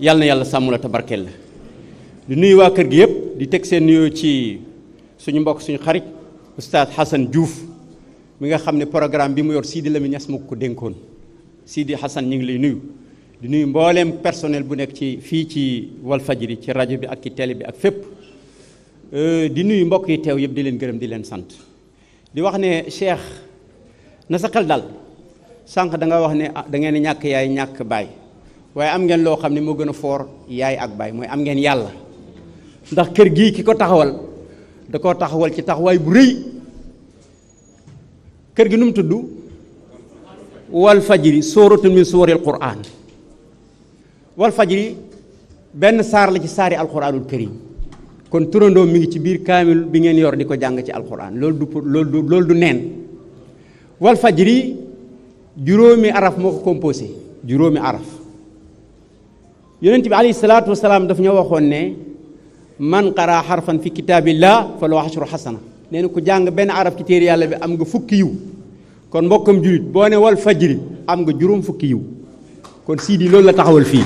yàlla na yàlla sàmm la la di nuyu waa kër gi yëpp di teg seen nuyoo ci suñu mbokk suñu xarit oustaz Hassan Diouf mi nga xam ne programme bi mu yor Sidi Lamine Niass moo ko dénkoon di Hassan ñu ngi lay nuyu di nuyu mbooleem personnel bu nekk ci fii ci Walfajiri ci rajo bi ak ci télé bi ak fépp euh, di nuyu mbokk yi teew yëpp di leen gërëm di leen sant di wax ne Cheikh na sa xel dal sànq da nga wax ne ah, da ngeen ñàkk yaay ñàkk baay waaye am ngeen loo xam ne moo gën a foor yaay ak baay mooy am ngeen yàlla ndax kër gi ki ko taxawal da koo taxawal ci taxawaay bu rëy kër gi nu mu tudd wal faj fajiri sóoratun min sóoril quraan wal fajiri benn saar la ci saari alquraanul karim kon turandoo mi ngi ci biir kaamil bi ngeen yor di ko jàng ci alquraan lool du loolu du loolu du neen wal fajiri juróomi araf moo ko composé juróomi araf yonent bi alayhi salaatu wasalaam daf ñoo waxoon ne man qara xarfan fi kitaabillah fa loo xasru xasana nee na ku jàng benn araf ci téere yàlla bi am nga fukki yiw kon mbokkam julit boo ne wal fajri am nga juróom fukki yiw kon siidi loolu la taxawal fii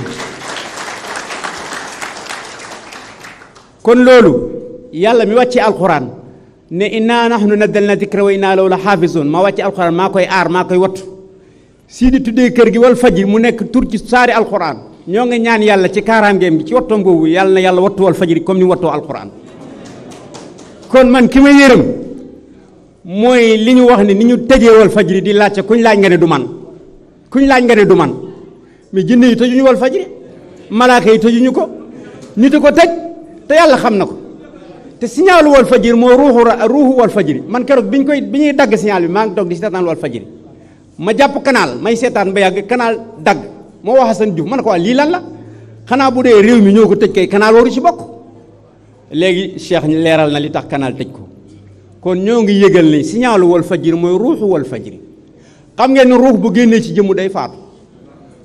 kon loolu yàlla mi wàccee alquran ne inna nahnu naddalna dikra wa inna lahu la xaafisun ma wàccee alquran maa koy aar maa koy wattu siidi tuddee kër gi wal fajri mu nekk tur ci saari alquran ñoo ngi ñaan yàlla ci kaaraangeem bi ci wattoom googu yàlla na yàlla wattu wal fajri comme ni mu wattoo alquran kon man ki ma yërëm mooy li ñu wax ne ni ñu tëjee wal fajri di laajte kuñ laaj nga ne du man kuñ laaj nga ne du man mais jinne yi tëjuñu wal fajri malaaka yi tëjuñu ko nit ko tëj te yàlla xam na ko te signaalu wal fajri moo ruuxu ruuxu wal fajri man keroog biñ koy bi ñuy dagg signal bi maa ngi toog di seetaan wal fajri ma jàpp canal may seetaan ba yàgg canal dagg. moo wax seen Diouf ma ne ko waa lii lan la xanaa bu dee réew mi ñoo ko tëj kay canal waru ci bokk léegi Cheikh ñu leeral na li tax kanaal tëj ko kon ñoo ngi yëgal ni signalu wal fajiri mooy ruuxu wal fajiri xam ngeen ne ruux bu génnee ci jëmm day faatu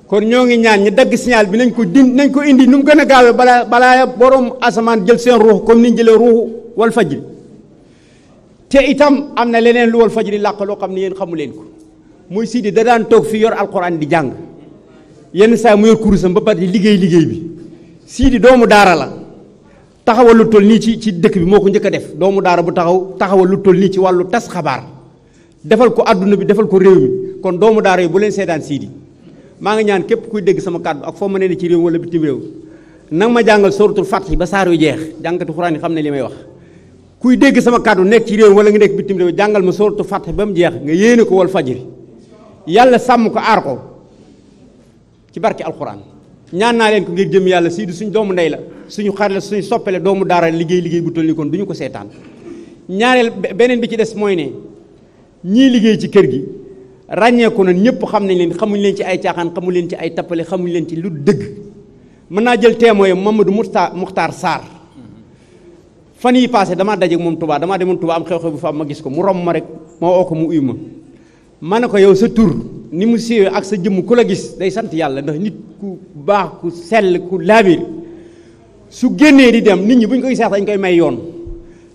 kon ñoo ngi ñaan ñi dagg signal bi nañ ko din nañ ko indi nu mu gën a gaawee balaa balaa borom asamaan jël seen ruux comme ni ñu jëlee ruuxu wal fajiri te itam am na leneen lu wal fajiri làq loo xam ne yéen xamu leen ko muy Sidi da toog fi yor alquran di jàng. yenn saa mu yor kurusam ba pare liggéey liggéey bi sii di doomu daara la taxawal lu toll nii ci ci dëkk bi moo ko njëkk def doomu daara bu taxaw taxawal lu toll nii ci wàllu tas xabaar defal ko àdduna bi defal ko réew mi kon doomu daara yi bu leen seetaan siidi maa ngi ñaan képp kuy dégg sama kàddu ak foo ma nee ne ci réew wala bitim réew nang ma jàngal sooratul Faatiha ba saar yu jeex jàngkati xuraan yi xam ne li may wax kuy dégg sama kàddu nekk ci réew wala nga nekk bitim réew jàngal ma sooratul Faatiha ba mu jeex nga yéene ko wal fajiri yàlla sàmm ko aar ko ci barke alxuraan ñaan naa leen ko ngir jëm yàlla sii di suñ doomu ndey la suñu xarit la suñu soppele doomu daara liggéey liggéey bu toll ni kon du ñu ko seetaan ñaareel beneen bi ci des mooy ne ñii liggéey ci kër gi ràññeeku na ñëpp xam nañ leen xamuñ leen ci ay caaxaan xamuñ leen ci ay tappale xamuñ leen ci lu dëgg mën naa jël témoin yi Mamadou Moukhtar muxtaar saar fan yi passé damaa daje moom tubaa damaa demoon Touba am xew-xew bu fa am ma gis ko mu ma rek moo ko mu ma ma ne ko yow sa ni mu siiwee ak sa jëmm ku la gis day sant yàlla ndax nit ku baax ku sell ku laabir su génnee di dem nit ñi bu ñu koy seex dañ koy may yoon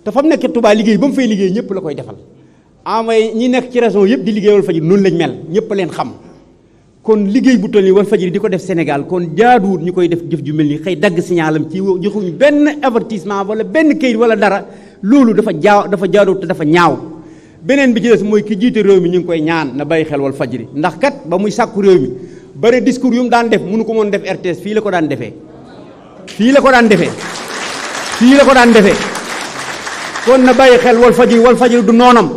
te fa mu nekk Touba liggéey ba mu fay liggéey ñëpp la koy defal amay ah, ñi nekk ci région yëpp di liggéey Walfadjri noonu lañ mel ñëpp leen xam kon liggéey bu toll nii Walfadjri di ko def Sénégal kon jaaduwut ñu koy def jëf ju mel nii xëy dagg signalam ci joxuñu benn avertissement wala benn këyit wala dara loolu dafa jaaw dafa jaaduwut dafa ñaaw beneen bi ci des mooy ki jiite réew mi ñu ngi koy ñaan na bàyyi xel wal fajri ndax kat ba muy sàkku réew mi bëri discours yu mu daan def munu ko moon def ertes fii la ko daan defee fii la ko daan defee fii ko daan defee kon na bàyyi xel wal fajri wal fajri du noonam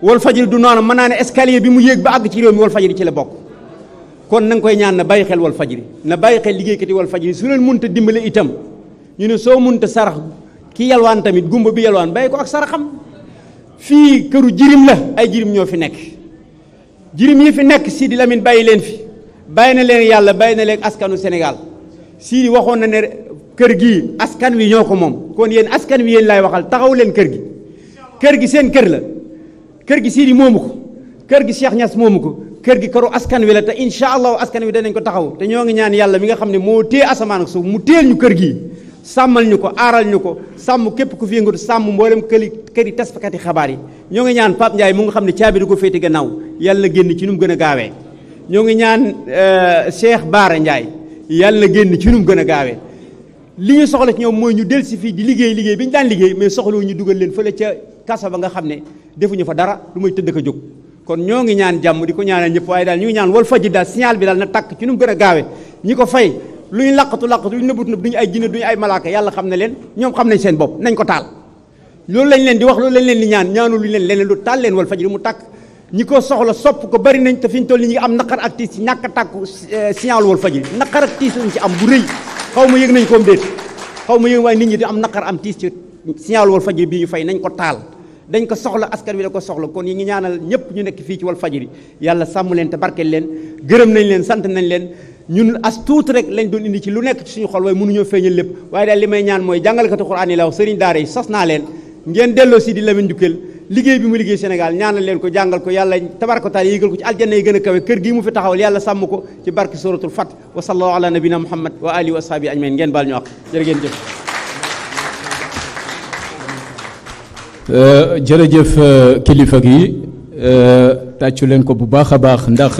wal fajri du noonam mën naa ne escalier bi mu yéeg ba àgg ci mi wal fajri ci la bokk kon na koy ñaan na bàyyi xel wal fajri na bàyyi xel liggéeykati wal fajri su leen mënta dimbale itam ñu ne soo mënta sarax ki yalwaan tamit gumba bi yalwaan bàyyi ko ak saraxam fii këru jirim la ay jirim ñoo fi nekk jirim yi fi nekk Sidi Lamine bàyyi leen fi bàyyi na leen yàlla bàyyi na leen askanu Sénégal Sidi waxoon na ne kër gi askan wi ñoo ko moom kon yéen askan wi yéen laay waxal taxaw leen kër gi kër gi seen kër la kër gi Sidi moomu ko kër gi Cheikh Niass moomu ko kër gi këru askan wi la te incha allahu askan wi danañ ko taxaw te ñoo ngi ñaan yàlla mi nga xam ne moo téye asamaan ak suuf mu téel ñu kër gi sàmmal ñu ko aaral ñu ko sàmm képp ku fi yëngatu sàmm mboolem këli këri taskati xabaar yi ñoo ngi ñaan Pape Ndiaye mu nga xam ne caabi du ko féete gannaaw yàlla na ci nu mu gën a gaawee ñoo ngi ñaan euh, Cheikh Baara Ndiaye yàlla na génn ci nu mu gën a gaawee li ñu soxla ci ñoom mooy ñu del si fii di liggéey liggéey bi ñu daan liggéey mais soxlawu ñu dugal leen fële ca kasa ba nga xam ne defuñu fa dara lu may tëdd ko jóg kon ñoo ngi ñaan jàmm di ko ñaanal ñëpp waaye daal ñu ngi ñaan Walfadjri daal signal bi daal na tàkk ci nu gën a gaawee ñi ko fay lu ñu laqatu laqatu lu ñu nëbbatu nëbb du ñu ay jinne du ñu ay malaaka yàlla xam ne leen ñoom xam nañ seen bopp nañ ko taal loolu lañ leen di wax loolu lañ leen di ñaan ñaanu lu ñu leen leneen lu taal leen wal fajri mu tàkk ñi ko soxla sopp ko bari nañ te fi ñu toll ñi am naqar ak tiis ñàkk a tàkku eh, signal wal fajri naqar ak tiis lañ ci am bu rëy xaw ma yëg nañ ko am déet xaw ma yëg waaye nit am naqar am tiis ci signal wal fajri bii ñu fay nañ ko taal dañ ko soxla askan wi da ko soxla kon yi ngi ñaanal ñëpp ñu nekk fii ci wal faj fajri yàlla sàmm leen te barkeel leen gërëm nañ leen sant nañ leen ñun as tuuti rek lañ doon indi ci lu nekk ci suñu xol waaye mënuñoo feeñal lépp waaye daal li may ñaan mooy jàngalekatu xuraan yi law sëriñ daara yi sas naa leen ngeen delloo si di Lamine Njukkal liggéey bi mu liggéey Sénégal ñaanal leen ko jàngal ko yàlla tabaraka taala yéegal ko ci aljanna yi gën a kawe kër gi mu fi taxawal yàlla sàmm ko ci barki suratul fat wa sallallahu ala nabina muhammad wa alihi wa ashabi ajmain ngeen baal ñu ak jërë ngeen jëf euh, euh, kilifa gi euh, tàccu leen ko bu baax a baax ndax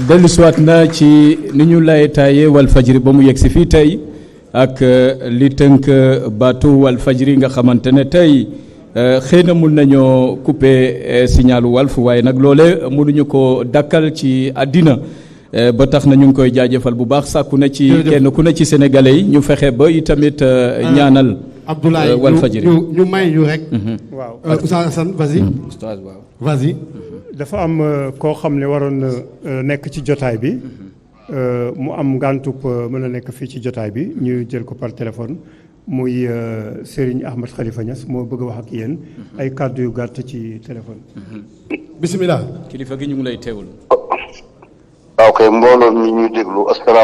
dellu na ci ni ñu lay taaye wal fajri ba mu yegg si fii tey ak euh, li tënk euh, baatu wal fajri nga xamante ne tey euh, xëy na mun nañoo couper signalu walf waaye nag loole mënuñu ko dakkal ci àddina ba tax na ñu ngi koy jaajëfal bu baax sàkku na ci kenn ku ne ci sénégalais yi ñu fexe ba itamit ñaanal Abdoulaye ñu may ñu rek mhm. waaw Oustaz dafa am euh, koo xam ne waroon na euh, nekk ci jotaay bi euh, mu am ngàntub mën a nekk fii ci jotaay bi ñu jël ko par téléphone muy Serigne Ahmad Khalifa Niass moo bëgg a wax ak yéen ay kàddu yu gàtt ci téléphone. bisimilah. kilifa gi ñu ngi lay teewlu. waaw mbooloo mi ñuy déglu asalaamaaleykum